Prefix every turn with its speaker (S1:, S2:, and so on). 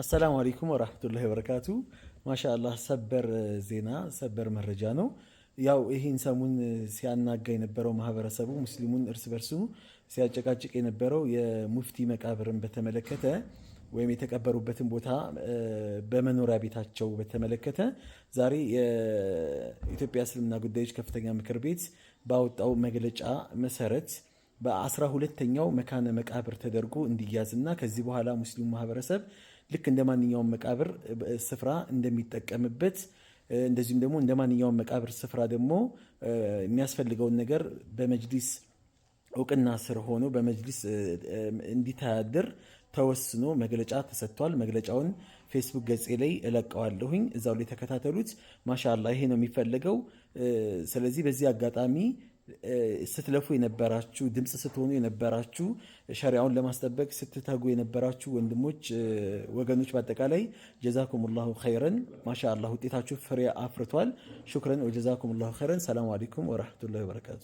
S1: አሰላሙ አለይኩም ወራህመቱላሂ ወበረካቱ። ማሻአላህ ሰበር ዜና ሰበር መረጃ ነው። ያው ይህን ሰሙን ሲያናጋ የነበረው ማህበረሰቡ ሙስሊሙን እርስ በርሱ ሲያጨቃጭቅ የነበረው የሙፍቲ መቃብርን በተመለከተ ወይም የተቀበሩበትን ቦታ በመኖሪያ ቤታቸው በተመለከተ ዛሬ የኢትዮጵያ እስልምና ጉዳዮች ከፍተኛ ምክር ቤት ባወጣው መግለጫ መሰረት በአስራ ሁለተኛው መካነ መቃብር ተደርጎ እንዲያዝና ከዚህ በኋላ ሙስሊሙ ማህበረሰብ ልክ እንደ ማንኛውም መቃብር ስፍራ እንደሚጠቀምበት እንደዚሁም ደግሞ እንደ ማንኛውም መቃብር ስፍራ ደግሞ የሚያስፈልገውን ነገር በመጅሊስ እውቅና ስር ሆኖ በመጅሊስ እንዲተዳደር ተወስኖ መግለጫ ተሰጥቷል። መግለጫውን ፌስቡክ ገጼ ላይ እለቀዋለሁኝ። እዛው ላይ ተከታተሉት። ማሻላ ይሄ ነው የሚፈለገው። ስለዚህ በዚህ አጋጣሚ ስትለፉ የነበራችሁ ድምፅ ስትሆኑ የነበራችሁ ሸሪያውን ለማስጠበቅ ስትተጉ የነበራችሁ ወንድሞች፣ ወገኖች በአጠቃላይ ጀዛኩሙላሁ ኸይረን። ማሻ ውጤታችሁ ፍሬ አፍርቷል። ሹክረን ወጀዛኩሙላሁ ኸይረን። ሰላሙ አለይኩም ወረሕመቱላሂ ወበረካቱ።